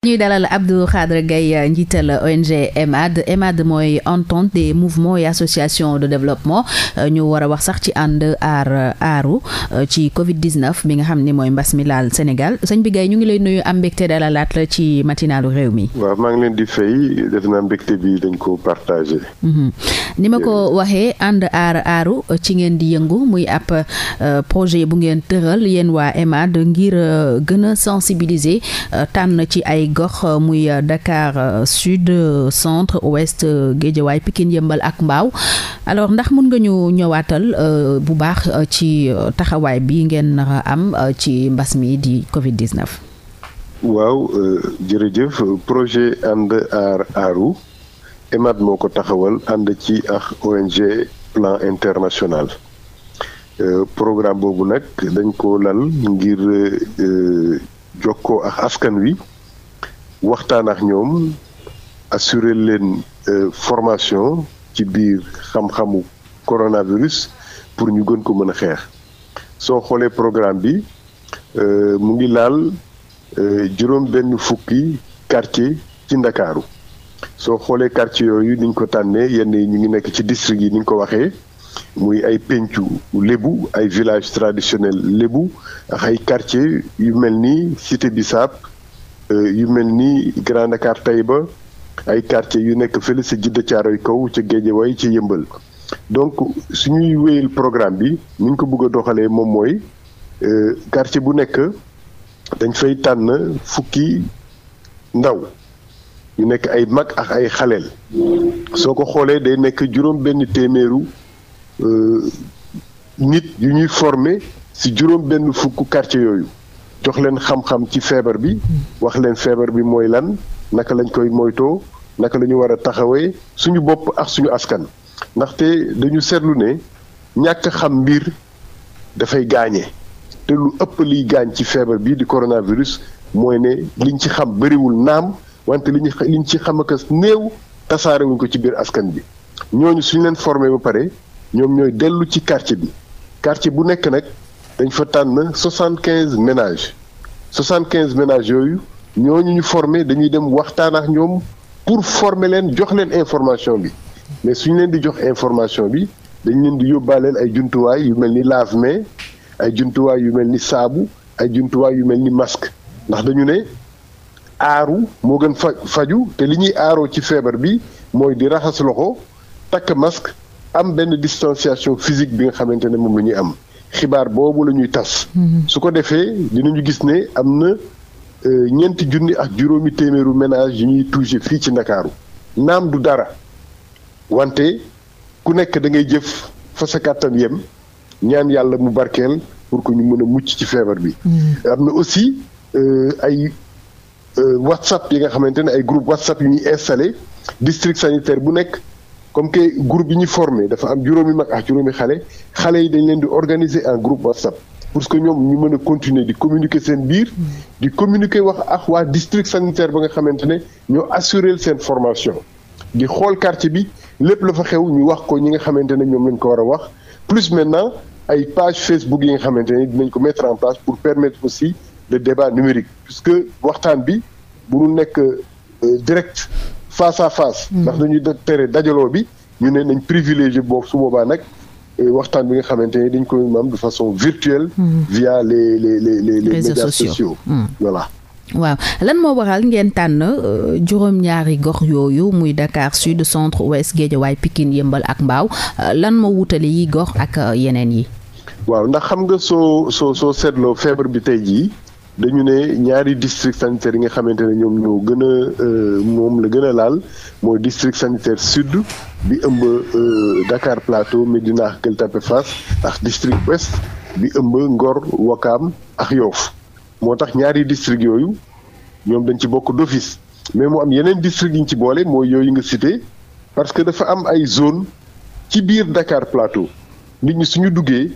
ñuy dalal Abdou Khadre Gaye njiital ONG EMAD EMAD mooy entente des mouvements et associations de développement ñu war a wax sax ci ànd aar aaru ci Covid 19 bi nga xam ni mooy mbas mi laal Sénégal sëñ bi Gaye ñu ngi lay nuyu am mbégte dalalaat la ci matinalu réew mi. waaw maa ngi leen di fay def naa mbégte bi dañ ko partagé. Mm-hmm. ni ma ko waxee ànd aar aaru ci ngeen di yëngu muy ab euh, projet bu ngeen tëral yéen waa EMAD ngir euh, gën a sensibiliser euh, tànn ci ay. gox euh, muy euh, Dakar euh, sud centre ouest Guédiawaay Pikine yëmbal ak Mbaaw alors ndax mun nga ñu ñëwaatal bu baax ci taxawaay bi ngeen nara am ci mbas mi di Covid 19. waaw jërëjëf projet ànd aar aaru EMAD moo ko taxawal ànd ci ak ONG plan international. programme boobu nag dañ ko lal ngir jox jokkoo ak askan wi waxtaan ak ñoom assurer leen euh, formation ci biir xam-xamu coronavirus pour ñu gën ko mën a xeex soo xoolee programme bi euh, mu ngi laal euh, juróom benn fukki quartier ci Ndakaaru soo xoolee quartier yooyu niñ ko tànnee yenn yi ñu ngi nekk ci district yi ni ñu ko waxee muy ay pencu lébu ay village traditionnel lébu ay quartier yu mel ni cité bisaab Euh, yu mel ni Grand Dakar ba ay quartiers yu nekk fële si Jidda Caaroy kaw ca Géejawaay ci Yëmbal donc suñuy wéyal programme bi ni ko bëgg a doxalee moom mooy euh, quartier bu nekk dañ fay tànn fukki ndaw ñu nekk ay mag ak ay xaleel soo ko xoolee day nekk juróom benn téeméeru euh, nit yu ñuy former si juróom benn fukk quartier yooyu jox leen xam-xam ci feebar bi wax leen feebar bi mooy lan naka lañ koy moytoo naka lañu ñu war a taxawee suñu bopp ak suñu askan ndaxte dañu seetlu ne ñàkk xam mbir dafay gaañee te lu ëpp liy gaañ ci feebar bi di coronavirus mooy ne liñ ci xam bëriwul naam wante li ñu liñ ci xam ak néew tasaare ko ci biir askan bi ñooñu suñu leen formé ba pare ñoom ñooy dellu ci quartier bi quartier bu nekk nag dañ fa tànn soixante quinze ménages soixante quinze ménages yooyu ñooñu ñu former dañuy dem waxtaan ak ñoom pour former leen jox leen information bi mais suñu leen di jox information bi dañu leen di yóbbaaleel ay jumtuwaay yu mel ni lave mais ay jumtuwaay yu mel ni saabu ay jumtuwaay yu mel ni masque ndax dañu ne aaru moo gën fa faju te li ñuy aaroo ci feebar bi mooy di raxas loxo takk masque am benn distanciation physique bi nga xamante ne moom la ñuy am. xibaar boobu la ñuy tas. Mhm. su ko defee dinañu gis ne am na euh, ñeenti junni ak juróomi téeméeru ménage yu ñuy touché fii ci ndakaaru naam du dara wante ku nekk da ngay jëf fa sa kàttan yem ñaan yàlla mu barkeel pour que ñu mën a mucc ci feebar bi. Mhm. am na aussi euh, ay euh, WhatsApp yi nga xamante ne ay groupe WhatsApp yu ñuy installé district sanitaire bu nekk. comme que groupe yi ñu formé dafa am juróomi mag ak juróomi xale xale yi dañ leen di organiser en groupe WhatsApp pour que ñoom ñu mën a continuer di communiquer seen biir di communiquer wax ak waa district sanitaire ba nga xamante ne ñoo assurer seen formation di xool quartier bi lépp la fa xew ñu wax ko ñi nga xamante ne ñoom lañ ko war a wax plus maintenant ay page Facebook yi nga xamante ne nañ ko mettre en place pour permettre aussi le débat numérique puisque waxtaan bi bu nekk euh, direct face à face. Hmm. ndax dañuy tere dajaloo bi ñu ne nañ privilégié boobu su boobaa nag eh, waxtaan bi nga xamante ne dañ koy am de façon virtuelle. Hmm. via les les les les sociaux hmm. waaw lan moo waral ngeen tànn euh, juróom-ñaari gox yooyu muy Dakar sud centre ouest waaye Pikine yëmbal ak mbaaw euh, lan ma wutale yi gox ak euh, yeneen yi. waaw ndax xam nga soo soo soo seetloo feebar bi tey jii. dañu ne ñaari district sanitaire yi nga xamante ne ñoom ñoo gën a euh, moom la gën a laal mooy district sanitaire sud bi ëmb euh, Dakar Plateau Médina Gueule Tapée Fass ak district ouest bi ëmb Ngor Wakaam ak Yoff moo tax ñaari district yooyu ñoom dañ ci bokk d'office mais mu am yeneen district yi ñu ci boole mooy yooyu nga cité parce que dafa am ay zone ci biir dakaar Plateau nit ñi suñu duggee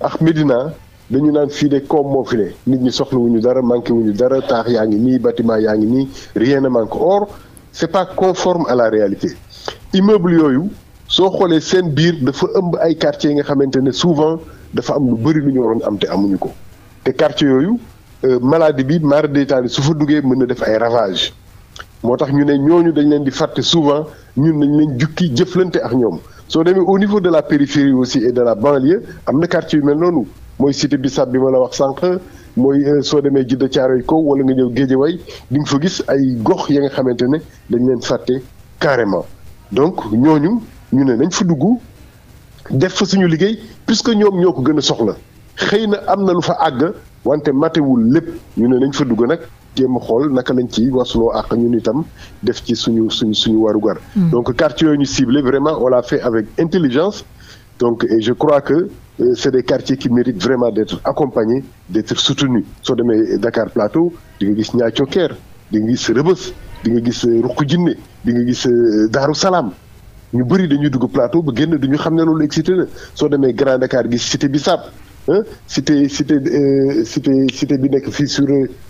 ak Médina dañu naan fii de koom moo nit ñi soxlawuñu dara manqué wuñu dara taax yaa ngi nii batiment yaa ngi nii rien ne manque or c'est pas conforme à la réalité immeuble yooyu soo xoolee seen biir dafa ëmb ay quartiers yi nga xamante ne souvent dafa am lu bëri lu ñu waroon am te amuñu ko te quartiers yooyu euh, maladie bi mara détaillé su fa duggee mën na def ay ravages moo tax ñu ne ñooñu dañ leen di fàtte souvent ñun dañ leen jukki jëflante ak ñoom soo demee au niveau de la périphérie aussi et de la banlieue am na quartier yu mel noonu mooy cité Bissap bi ma la wax sànq mooy euh, soo demee Jidda Caaroy kow wala nga ñëw Géejawaay di nga fa gis ay gox ya nga xamante ne dañ leen fàtte carrément donc ñooñu ñu ne nañ fa dugg def fa suñu liggéey puisque ñoom ñoo ko gën a soxla xëy na am na lu fa àgg wante matewul lépp ñu ne nañ fa dugg nag jéem a xool naka lañ ci wasuloo ak ñun itam def ci suñu suñu suñu warugar. Hmm. donc quartiers yooyu ñu ciblé vraiment on l'a fait avec intelligence donc et je crois que euh, c'est des quartiers qui méritent vraiment d'être accompagnés d'être soutenus soo demee Dakar Plateau di nga gis Niayes Thioker di nga gis Rebeuss di nga gis euh, Ruqu Jinne di nga gis euh, Daaru Salaam ñu bëri dañuy dugg Plateau ba génn duñu xam ne loolu excité soo demee Grand Dakar gis Cité Bissap ah cité cité euh, cité cité bi nekk fii sur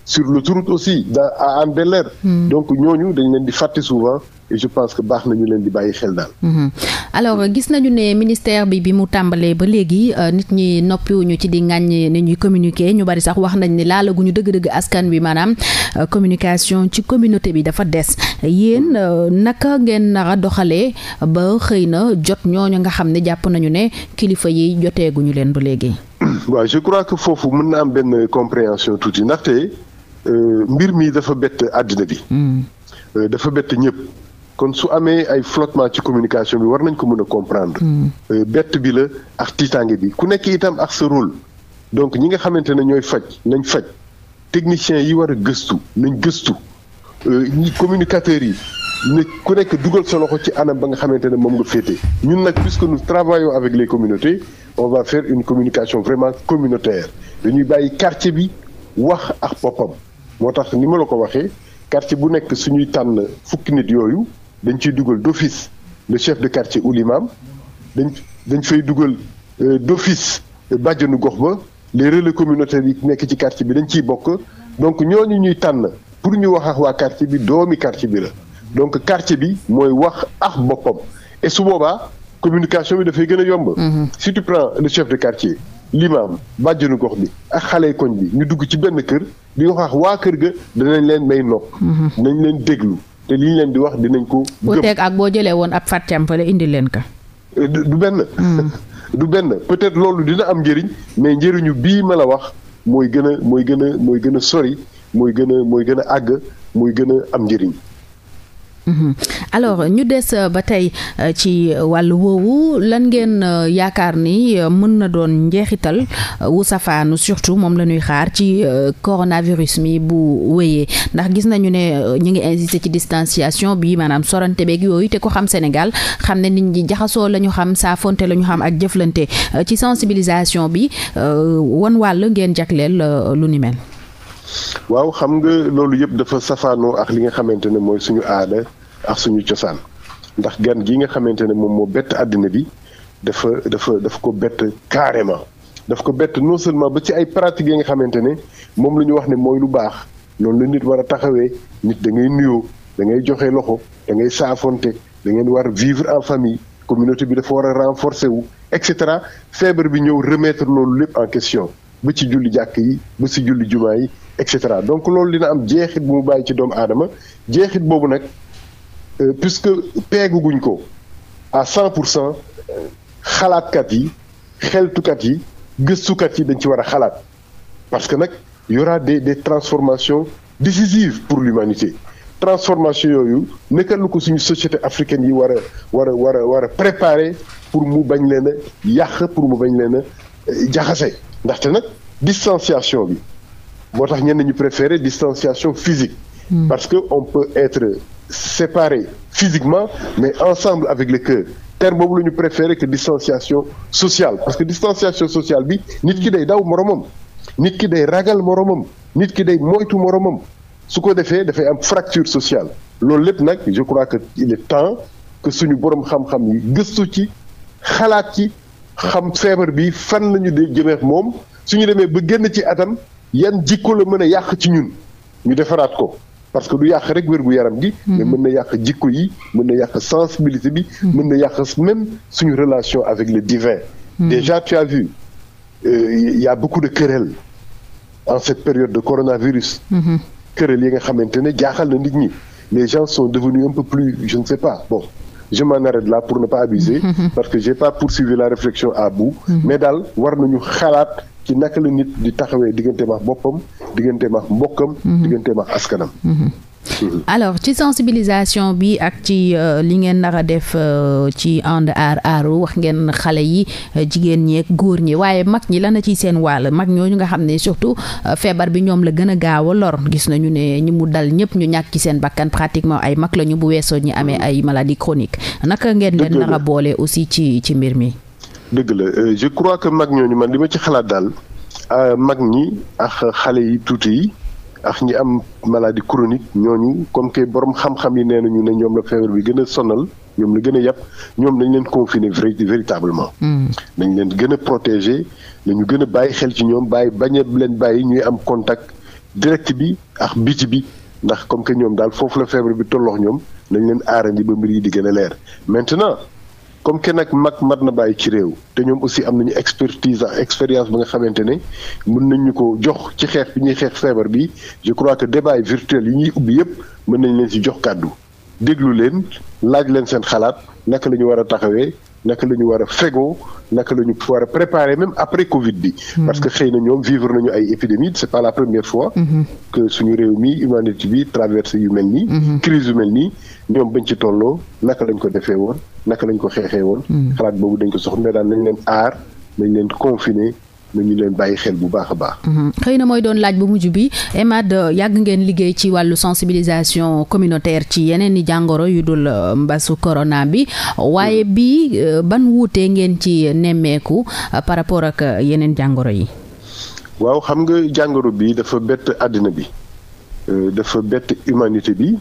sur l'autoroute aussi dans à Hann bel hmm. donc ñooñu dañ leen di fàtte souvent et je pense que baax na leen di bàyyi xel daal. Hmm. alors hmm. gis nañu ne ministère bi bi mu tàmbalee ba léegi euh, nit ñi noppiwuñu ci di ŋàññ ni ñuy communiquer ñu bari sax wax nañ ne laalaguñu dëgg-dëgg askan wi maanaam euh, communication ci communauté bi dafa des yéen naka ngeen nar a doxalee ba xëy na jot ñooñu nga xam ne jàpp nañu ne kilifa yi joteeguñu leen ba léegi. waa je crois que foofu mën na am benn compréhension tuuti ndaxte euh, mbir mi dafa bett àddina bi. Hmm. Euh, dafa bett ñëpp. kon su amee ay flottement ci communication bi war nañ ko mën a comprendre. Hmm. Euh, bett bi la ak tiitaange bi ku nekk itam ak sa rôle. donc ñi nga xamante ne ñooy faj nañ faj techniciens yi war a gëstu nañ gëstu ñi communicateurs yi ne ku nekk dugal sa loxo ci anam ba nga xamante ne moom nga féete ñun nag puisque nous travaillons avec les communauté on va faire une communication vraiment communautaire dañuy bàyyi quartier bi wax ak boppam moo tax ni ma la ko waxee quartier bu nekk suñuy tànn fukki nit yooyu dañ ciy dugal d'office le chef de quartier ou l'imam dañ dañ fay dugal euh, d'office bàjjanu gox ba les relais communautaires yi nekk ci quartier bi dañ ciy bokk donc ñooñu ñuy tànn pour ñu wax ak waa quartier bi doomi quartier bi la donc quartier bi mooy wax ak boppam et su boobaa communication bi dafay gën a yomb. Mhm. si tu prends le chef de quartier l'imam bàjjenu gox bi ak xale yi koñ bi ñu dugg ci benn kër di wax waa kër ga danañ leen may nopp. Mhm. nañ leen déglu te li leen di wax dinañ ko. gëm uteeg ak boo jëlee woon ab Fatou Thiampale indi leen ka. Euh, du benn. Mhm. du benn peut-être loolu dina am njëriñ mais njëriñu bii ma la wax mooy gën a mooy gën a mooy gën a sori mooy gën a mooy gën a àgg mooy gën a am njëriñ. Mhm. alors ñu des euh, ba tey euh, ci euh, wàll woowu lan ngeen yaakaar ni mën na doon njeexital wu safaanu surtout moom la ñuy xaar ci coronavirus mi bu wéyee ndax gis nañu ne ñu ngi insister ci distanciation bi maanaam sorante beeg yooyu te ko xam Sénégal xam ne nit ñi jaxasoo la ñu xam saafonte la ñu xam ak jëflante ci sensibilisation bi wan wàll ngeen jagleel lu ni waaw xam nga loolu yëpp dafa safaanoo ak li nga xamante ne mooy suñu aada ak suñu cosaan ndax gan gi nga xamante ne moom moo bett àddina bi dafa dafa daf ko bett carrément daf ko bett non seulement ba ci ay pratiques yi nga xamante ne moom la ñu wax ne mooy lu baax loolu la nit war a taxawee nit da ngay nuyoo dangay ngay joxe loxo da ngay saafonte da ngeen war vivre en famille communauté bi dafa war a renforcer wu et cetera feebar bi ñëw remettre loolu lépp en question ba ci julli jàkk yi ba ci julli jumaa yi et cetera donc loolu dina am jeexit bu mu bàyyi ci doomu aadama jeexit boobu nag euh, puisque peeguguñ ko à cent pour cent euh, xalaatkat yi xeltukat yi gëstukat yi dañ ci war a xalaat parce que nag y aura des des transformations décisives pour l'humanité transformation yooyu nekkal ko suñu société africaine yi war a war a war a war a préparer pour mu bañ leen a yàq pour mu bañ leen a euh, jaxase ndaxte nag distanciation bi moo tax ñenn ñu préféré distanciation physique. Mm. parce que on peut être séparé physiquement mais ensemble avec le cœur terme boobu la ñu préféré que distanciation sociale parce que distanciation sociale bi nit ki day daw moromam nit ki day ragal moromam nit ki day moytu moromam su ko defee dafay am fracture sociale loolu lépp nag je crois que il est temps que suñu borom xam-xam yi gëstu ci xalaat ci xam feebar bi fan la ñu jëmee moom suñu demee ba génn ci atam yan jikko la mën a yàq ci ñun ñu defaraat ko parce que du yàq rek wér-gu-yaram gi hmm. mais mën na yàq jikko yi mën na yàq sensibilité bi hmm. mën na yàq même suñu relation avec le divin hmm. déjà tu as vu il euh, beaucoup de querelles en cette période de coronavirus querelles yi nga xamante ne jaaxal na nit ñi les gens sont devenus un peu plus je ne sais pas je m'en arrête là pour ne pas abuser parce que j'ai pas poursuivi la réflexion à bout mais daal war nañu xalaat ci naka la nit di taxawee digganteem ak boppam digganteem ak mbokkam. Mhm. digganteem ak askanam. Mhm. Mhm. alors ci sensibilisation bi ak ci euh, li ngeen nar a def euh, ci ànd aar aaru wax ngeen xale yi euh, jigéen ñi góor ñi waaye mag ñi lana ci seen wàll mag ñu nga xam ne surtout feebar bi ñoom la gën a gaaw a lor gis nañu ne ñi mu dal ñëpp ñu ñàkk ci seen bakkan pratiquement ay mag la ñu bu weesoo ñi amee ay maladie chronique naka ngeen leen nar a boole aussi ci ci mbir mi dëgg la euh, je crois que mag ñooñu man li ma ci xalaat daal euh, mag ñi ak xale yi tuuti yi ak ñi am maladie chronique ñooñu comme que borom xam-xam yi nee ñu ne ñoom la feebar bi gën a sonal ñoom la gën a yàpp ñoom dañ leen confiner véritablement hmm. dañ leen gën a protéger dañu gën a bàyyi xel ci ñoom bàyyi bañ a leen bàyyi ñuy am contact direct bi ak biti bi ndax comme que ñoom daal foofu la feebar bi tollox ñoom nañ leen aarandi ba mbir yi di gën a leer comme que nag mag mat na bàyyi ci réew te ñoom aussi am nañu expertise ak expérience ba nga xamante ne mën nañu ko jox ci xeex bi ñuy xeex feebar bi je crois que débat virtuel yi ñuy ubbi yëpp mën nañ leen ci jox kàddu déglu leen laaj leen seen xalaat naka la ñu war a taxawee naka la ñu war a fegoo naka la ñu war a préparer même après Covid bi. Hmm. parce que xëy na ñoom vivre nañu ay épidémies c'est pas la première fois. Hmm. que suñu réew mi humanité bi traversé yu mel nii. Hmm. crise yu mel nii ñoom bañ ci tolloo naka lañ ko defee woon naka lañ ko xeexee woon. xalaat boobu dañ ko soxla ne daal nañ leen aar nañ leen confiner. nañu leen bàyyi xel bu baax a baax. Mhm. xëy na mooy doon laaj bu mujj bi EMAD yàgg ngeen liggéey ci wàllu sensibilisation communautaire ci yeneen i jàngoro yu dul euh, mbasu corona bi waaye mm. bii euh, ban wuute ngeen ci nemmeeku euh, par rapport ak yeneen jàngoro yi. waaw xam nga jàngoro bi dafa bett àddina bi dafa bett humanité bi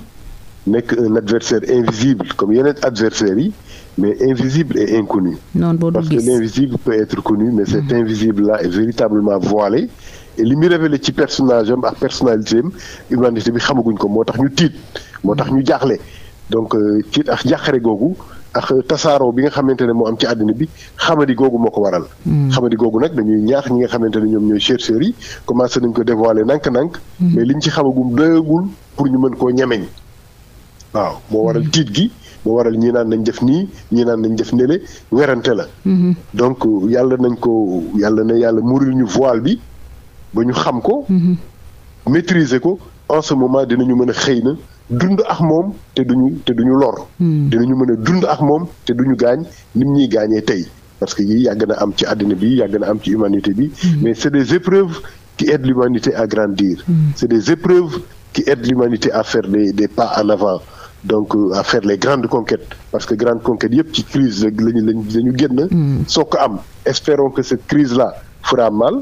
nekk un adversaire invisible comme yeneen adversaires yi. mais invisible et inconnu. noonu boo parce que l'invisible peut être connu mais cet mm-hmm. invisible là est véritablement voilé et li muy révélé ci personnage ak personnalité am bi xamaguñ ko moo tax ñu tiit moo tax ñu jaaxle donc ci euh, ak jaaxare googu ak tasaaroo bi nga xamante ne moo am ci àddina bi xamadi googu moo ko waral. Mm-hmm. xamadi googu nag dañuy ñaax ñi nga xamante ne ñoom ñooy chercheurs yi commencé nañ ko dévoiler nank-nank. Mm-hmm. mais liñ ci xamagum doyagul pour ñu mën koo ñemeñ. waaw moo waral tiit gi. moo waral ñii naan nañ def nii ñii naan nañ def nele werante la. Mm-hmm. donc yàlla nañ ko yàlla na yàlla muril ñu voile bi ba ñu xam ko. Mm-hmm. maîtriser ko en ce moment dinañu mën a xëy na dund ak moom te duñu te duñu lor. Mm-hmm. ñu mën a dund ak moom te duñu gaañ nim ñuy gaañee tey parce que yii yàgg na am ci àddina bi yàgg na am ci humanité bi. mais c'est des épreuves qui aident l'humanité à grandir. c'est des épreuves qui aident l'humanité à faire des des pas en avant. donc euh, à faire les grandes conquêtes parce que grandes conquêtes yëpp ci crise lañu ñu génn. Mm. soo ko am espérons que cette crise là fera mal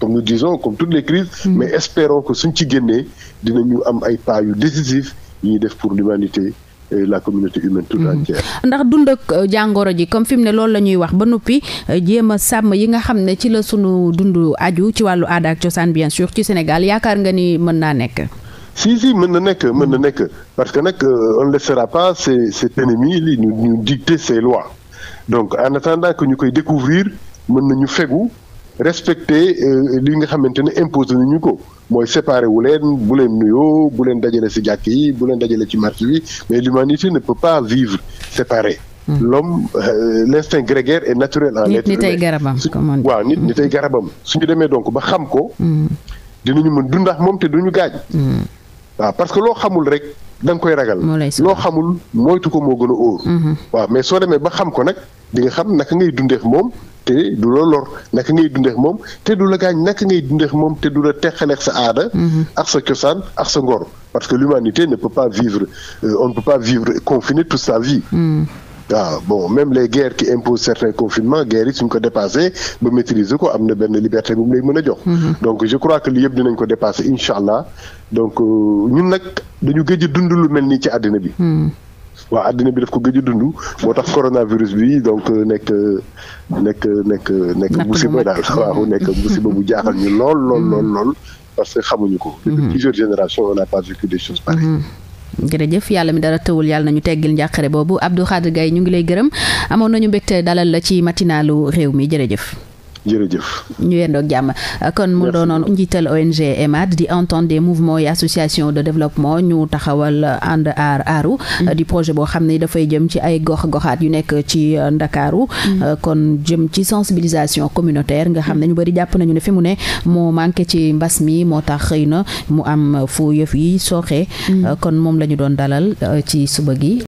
comme nous disons comme toutes les crises. Mm. mais espérons que suñ ci génnee dinañu am ay pas yu décisifs yi ñuy def pour l'humanité la communauté humaine tout mm. entière. ndax dund ak euh, jàngoro ji comme fi mu ne loolu la ñuy wax ba noppi euh, jéem a sàmm yi nga xam ne ci la sunu dund aju ci wàllu aada ak cosaan bien sûr ci Sénégal yaakaar nga ni mën naa nekk. si si mën na nekk mën na nekk parce que nag euh, on ne laissera pas ces cet ennemi li ñu ñu dicter ces lois donc en attendant que ñu koy découvrir mën na ñu fegu respecter euh, li nga xamante ne imposé nañu ko mooy séparé wu leen bu leen nuyoo bu leen dajale ci jàkk yi bu leen dajale ci marché yi mais l'humanité ne peut pas vivre séparée hmm. l'homme euh, l'instinct grégaire est naturel en l'être humain nit ñi hmm. tey garabam waaw nit demee donc ba xam ko hmm. dinañu mën dundax moom te ñu gaañ waaw parce que loo xamul rek da nga koy ragal. loo xamul moytu ko moo gën a óor. Mm-hmm. waaw mais soo demee ba xam ko nag di nga xam naka ngay dundeex moom te du la lor naka ngay dundeex moom te du la gaañ naka ngay dundeex te du la teqaleex sa aada. Mm-hmm. ak sa cosaan ak sa ngor parce que l'humanité ne peut pas vivre euh, on ne peut pas vivre confiné toute sa vie. Mm. waaw ah, bon même les guerres qui imposent certains confinements guerre yi suñ ko dépassé ba maîtriser ko am na benn liberté bu mu lay mën a jox. Mhm. donc je crois que li yëpp dinañ ko dépassé incha allah donc euh, ñun nag dañu gëj dund lu mel nii ci addina bi. Hmm. waaw àddina bi daf ko gëj a dund moo tax coronavirus bi donc euh, euh, nekk nekk nekk nekk musiba daal waaw nekk musiba bu jaaxal ñu lool lool hmm. lool lool parce que xamuñu ko. Hmm. depuis plusieurs générations on n'a pas vécu des choses jërëjëf yàlla mi dara tëwul yàlla ñu teggil njàqare boobu Abdou Khadre Gaye ñu ngi lay gërëm amoon nañu mbégte dalal la ci matinalu réew mi jërëjëf jërëjëf. ñu yendoog jàmm kon mu doonoon njiital ONG EMAD di entente des mouvements et associations de développement ñu taxawal ànd aar aaru. Mm. di projet boo xam ni dafay jëm ci ay gox goxaat yu nekk ci euh, Ndakaaru. Mm. Euh, kon jëm ci sensibilisation communautaire nga xam ne ñu bari jàpp nañu ne fi mu ne moo manqué ci mbas mi moo tax xëy na mu am fu yëf yi sooxee. Mm. Euh, kon moom la ñu doon dalal ci suba gi.